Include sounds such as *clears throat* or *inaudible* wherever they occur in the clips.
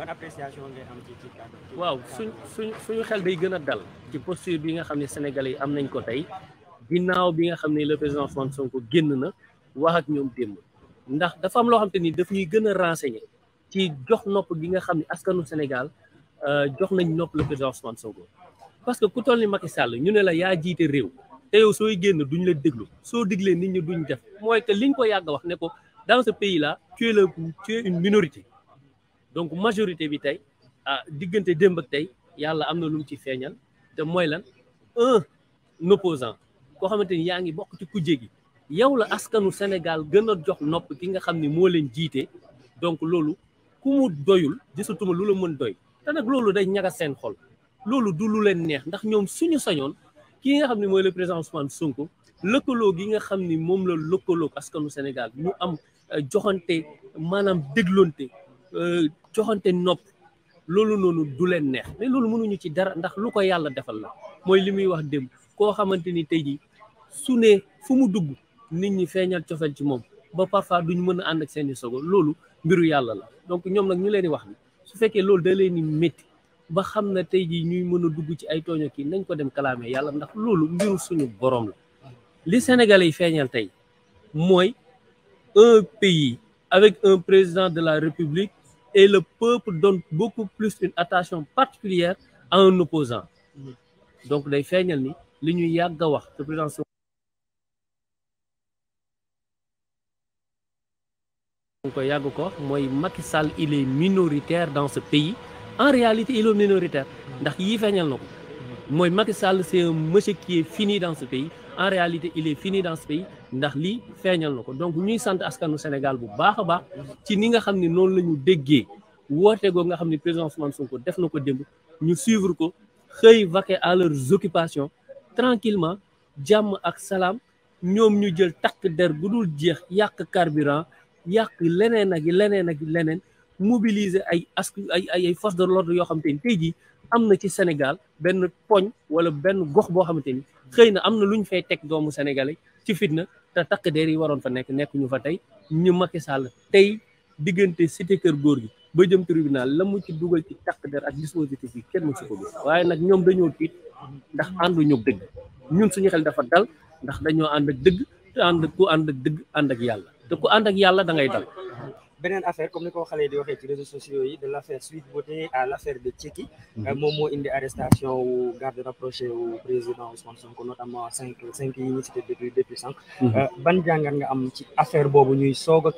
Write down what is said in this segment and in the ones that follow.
ban appréciation ngay am ci ci waaw suñ suñ suñu xel day gën a dal ci posture bi nga xam ne sénégalais yi am nañ ko tey ginnaaw bi nga xam ne le président Ousmane Sonko génn na wax ak ñoom démb ndax dafa am loo xam te ni daf ñuy gën a renseigner ci jox nopp gi nga xam ne askanu Sénégal euh, jox nañ nopp le président Ousmane Sonko parce que ku toll ni Macky Sall ñu ne la yaa jiite réew te yow sooy génn duñ la déglu soo diglee nit ñi duñ def mooy que liñ ko yàgg wax ne ko dans ce pays là tu es le tu es une minorité donc majorité bi tey ah diggante démb ak tey yàlla am na lu mu ci feeñal te mooy lan un opposant koo xamante ni yaa ngi bokk ci kujje gi yow la askanu Sénégal gën a jox nopp ki nga xam ni moo leen jiite donc loolu ku mu doyul gisatuma lu la mën doy te nag loolu day ñaga seen xol loolu du lu leen neex ndax ñoom suñu sañoon ki nga xam ne mooy le président Ousmane Sonko lëkkaloo gi nga xam ni moom la lëkkaloo askanu Sénégal ñu am eh, joxante maanaam dégloonte Euh, joxante nopp loolu noonu du leen neex mais loolu mënuñu ci dara ndax lu ko yàlla defal la mooy li muy wax démb koo xamante ni tey jii su nee fu mu dugg nit ñi feeñal cofeel ci moom ba parfois duñ mën a ànd ak seeni sogo loolu mbiru yàlla la donc ñoom nag ñu leen di wax ni su fekkee loolu da leen di métti ba xam na tey jii ñuy mën a dugg ci ay tooño kii nañ ko dem kalaamee yàlla ndax loolu mbiru suñu borom la li Sénégalais yi feeñal tey mooy un pays avec un président de la République et le peuple donne beaucoup plus une attention particulière à un opposant donc day feeñal ni li ñuy yàgg a wax te président ko yàgg ko mooy Macky Sall il est minoritaire dans ce pays en réalité ilo est minoritaire ndax yii feeñal na ko mooy Macky Sall c'est un monsieur qui fini dans ce pays en réalité il est fini dans ce pays ndax lii feeñal na ko donc ñuy sant askanu Sénégal bu baax a baax ci ni nga xam ne noonu la ñu déggee woote googu nga xam ne président sun ko def na ko démb ñu suivre ko xëy vaquer à leurs occupations tranquillement jàmm ak salaam ñoom ñu jël takk der gu dul jeex yàq carburant yàq leneen ak leneen ak leneen mobiliser ay askan ay ay forces de l'ordre yoo xam te ni tey jii am na ci Sénégal benn poñ wala benn gox boo xamante ni xëy na am na lu ñu fay teg doomu sénégalais ci fitna te takk der yi waroon fa nekk nekk ñu fa tey ñu Macky Sall tey diggante cité kër góor gi ba jëm tribunal la mu ci dugal ci takk der ak dispositif yi kenn mu si ko waaye nag ñoom dañoo tiit ndax ànduñu ak dëgg ñun suñu xel dafa dal ndax dañoo ànd ak dëgg te ànd ku ànd ak dëgg ànd ak yàlla te ku ànd ak yàlla dangay ngay dal beneen affaire comme ni ko xale di waxee ci réseaux sociaux yi de l' affaire Sweet Beauté à l' de Tcheki. Mhm. Euh, moom moo indi arrestation wu garde rapproché wu président Ousmane Sonko notamment cinq cinq yi ñu cité depuis depuis mhm. euh, ban jàngat nga am ci affaire boobu ñuy soog a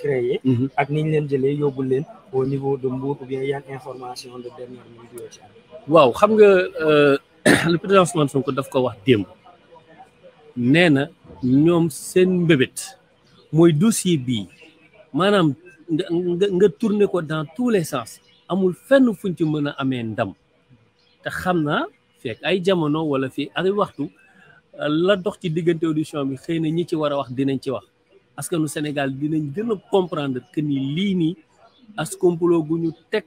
mhm. ak ni ñu leen jëlee yóbbu leen au niveau de Mbour ou bien yan information de dernière minute yoo waaw xam nga euh, *clears throat* le président Ousmane Sonko daf ko wax démb nee na ñoom seen mbébét mooy dossier bii maanaam. nga nga tourner ko dans tous les sens amul fenn fuñ ci mën a amee ndam te xam naa fekk ay jamono wala fii ay waxtu la dox ci diggante audition bi xëy na ñi ci war a wax dinañ ci wax askanu Sénégal dinañ gën a comprendre que ni lii nii as complot gu ñu teg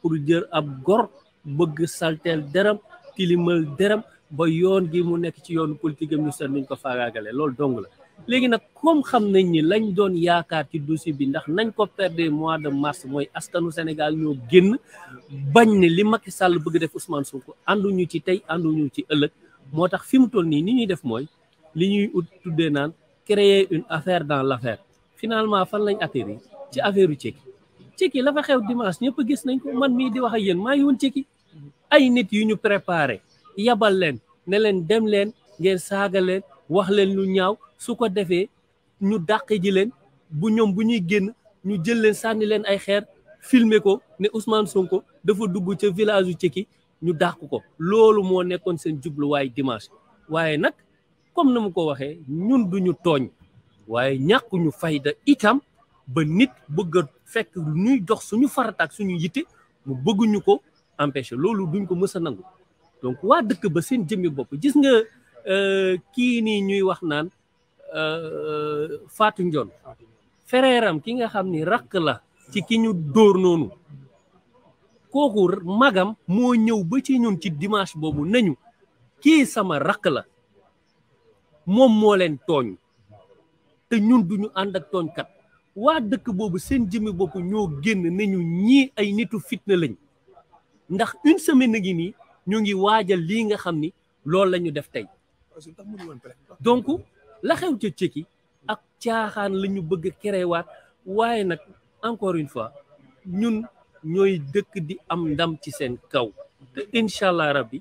pour jër ab gor bëgg salteel deram tilimal dërëm ba yoon gi mu nekk ci yoonu politique am ñu seet nuñ ko faagaagale loolu dong la léegi nag kom xam nañ ni lañ doon yaakaar ci dossier bi ndax nañ ko perdre mois de mars mooy askanu Sénégal ñoo génn bañ ne li Macky sàll bëgg def Ousmane Sonko ànduñu ci tey ànduñu ci ëllëg moo tax fi mu toll nii ni ñuy def mooy li ñuy ut tuddee naan créer une affaire dans l' affaire finalement fan lañ atterri ci affaire u Cekki Cekki la fa xew dimanche ñëpp gis nañ ko man mii di wax ak yéen maa ngi woon Cekki ay nit yu ñu préparé yabal leen ne leen dem leen ngeen saaga wax leen lu ñaaw su ko defee ñu dàq ji leen bu ñoom bu ñuy génn ñu jël leen sànni leen ay xeer filmer ko ne Ousmane ko dafa dugg ca village u Cekki ñu dàq ko loolu moo nekkoon seen jubluwaay dimanche waaye nag comme na mu ko waxee ñun duñu tooñ waaye ñàkkuñu fayda itam ba nit bëgg fekk ñuy dox suñu farataak suñu yitte mu bëgguñu ko empêcher loolu duñ ko mës a nangu donc waa dëkk ba seen jëmmi bopp gis nga Euh, kii nii ñuy wax naan euh, Fatou Ndion fereeram ki nga xam ni rakk la ci ki ñu dóor noonu kooku magam moo ñëw ba ci ñun ci dimanche boobu nañu kii sama raq la moom moo leen tooñ te ñun duñu ànd ak tooñkat waa dëkk boobu seen jëmmi bopp ñoo génn nañu ñii ay nitu fitna lañ ndax une semaine ngi nii ñu ngi waajal lii nga xam ni loolu lañu def tey donc la xew ca Tchéquie ak caaxaan la ñu bëgg a kerewaat waaye nag encore une fois ñun ñooy dëkk di am ndam ci seen kaw te incha allah rabbi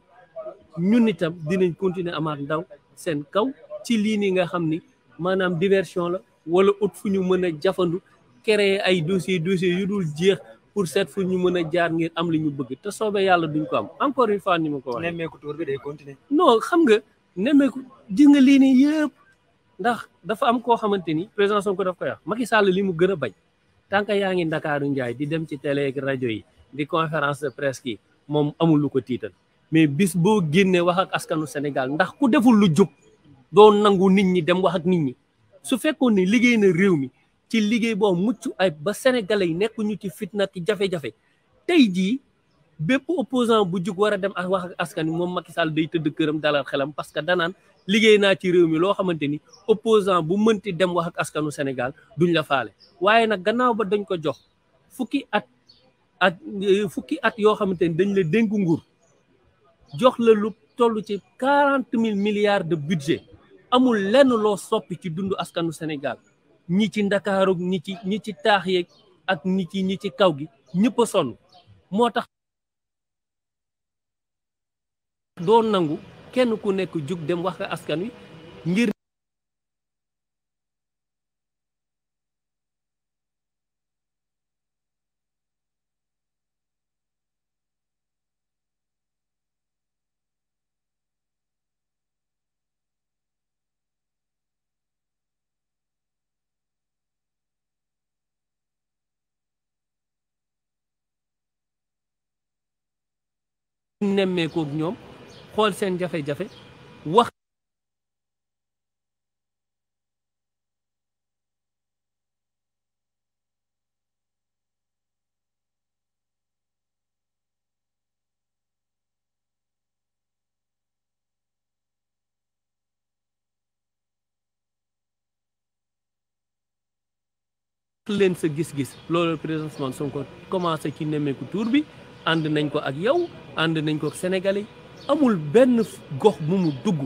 ñun itam dinañ continuer amaat ndaw seen kaw ci lii nii nga xam ni maanaam diversion la wala ut fu ñu mën a jafandu créer ay dossier dossier yu dul jeex pour seet fu ñu mën a jaar ngir am li ñu bëgg te soobee yàlla duñ ko am encore une fois ni ma ko waxee. nemmeeku bi day continuer xam nga. nemmeeku gis nga lii nii yëpp ndax dafa am koo xamante ni président Sonko daf ko wax Macky Sall li mu gën a bañ tant que yaa ngi Ndakaaru Njaay di dem ci télé ak rajo yi di conférence de presse yi moom amul lu ko tiital mais bis boo génnee wax ak askanu Sénégal ndax ku deful lu jub doo nangu nit ñi dem wax ak nit ñi su fekkoon ni liggéey na réew mi ci liggéey boo mucc ay ba sénégalais yi nekkuñu ci fitna ci jafe-jafe tey jii. bépp opposant bu jug war a dem ak wax ak askan wi moom Macky Sall day tëdd këram dalal xelam parce que danaan liggéey naa ci réew mi loo xamante ni opposant bu mënti dem wax ak askanu Sénégal duñ la faale waaye nag gannaaw ba dañ ko jox fukki at ak euh, fukki at yoo xamante ni dañ la dénk nguur jox la lu toll ci quarante mille milliards de budget amul lenn loo soppi ci dund askanu Sénégal ñi ci Ndakaaru ñi ci ñi ci taax yeeg ak ñi ci ñi ci kaw gi ñëpp a sonn moo tax doon nangu kenn ku nekk jug dem wax askan wi ngir nemmeekook ñoom xool seen jafe-jafe wax leen sa gis-gis loolu président Ousmane Sonko commencé ci nemmeeku tuur bi ànd nañ ko ak yow ànd nañ ko ak amul benn gox bu mu dugg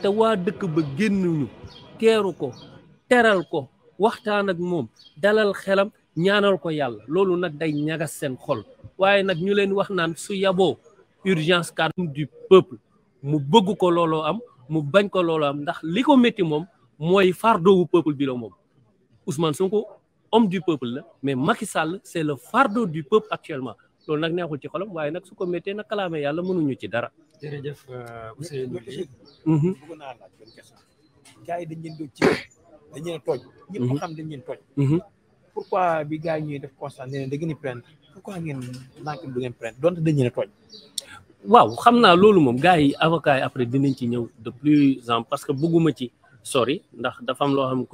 te waa dëkk ba génnuñu teeru ko teral ko waxtaan ak moom dalal xelam ñaanal ko yàlla loolu nag day ñaga seen xol waaye nag ñu leen wax naan su yaboo urgence carme du peuple mu bëgg ko looloo am mu bañ ko looloo am ndax li ko métti moom mooy fardeau peuple bi la moom Ousmane Sonko homme du peuple la mais Macky Sall c'est le fardeau du peuple actuellement loolu nag neexul ci xolam waaye nag su ko méttee nag kalaame yàlla mënuñu ci dara. jërëjëf euh, Ousseynou Ly. Mhm. bëgg naa laaj benn question. gars yi dañ leen doon ci dañ leen mhm. mhm. bi gars yi ñuy def constat ne da ngeen di plainte pourquoi du ngeen plainte donte dañ leen xam naa loolu moom gars yi avocats yi après dinañ ci ñëw de plus en parce que bëgguma ci sori ndax dafa am loo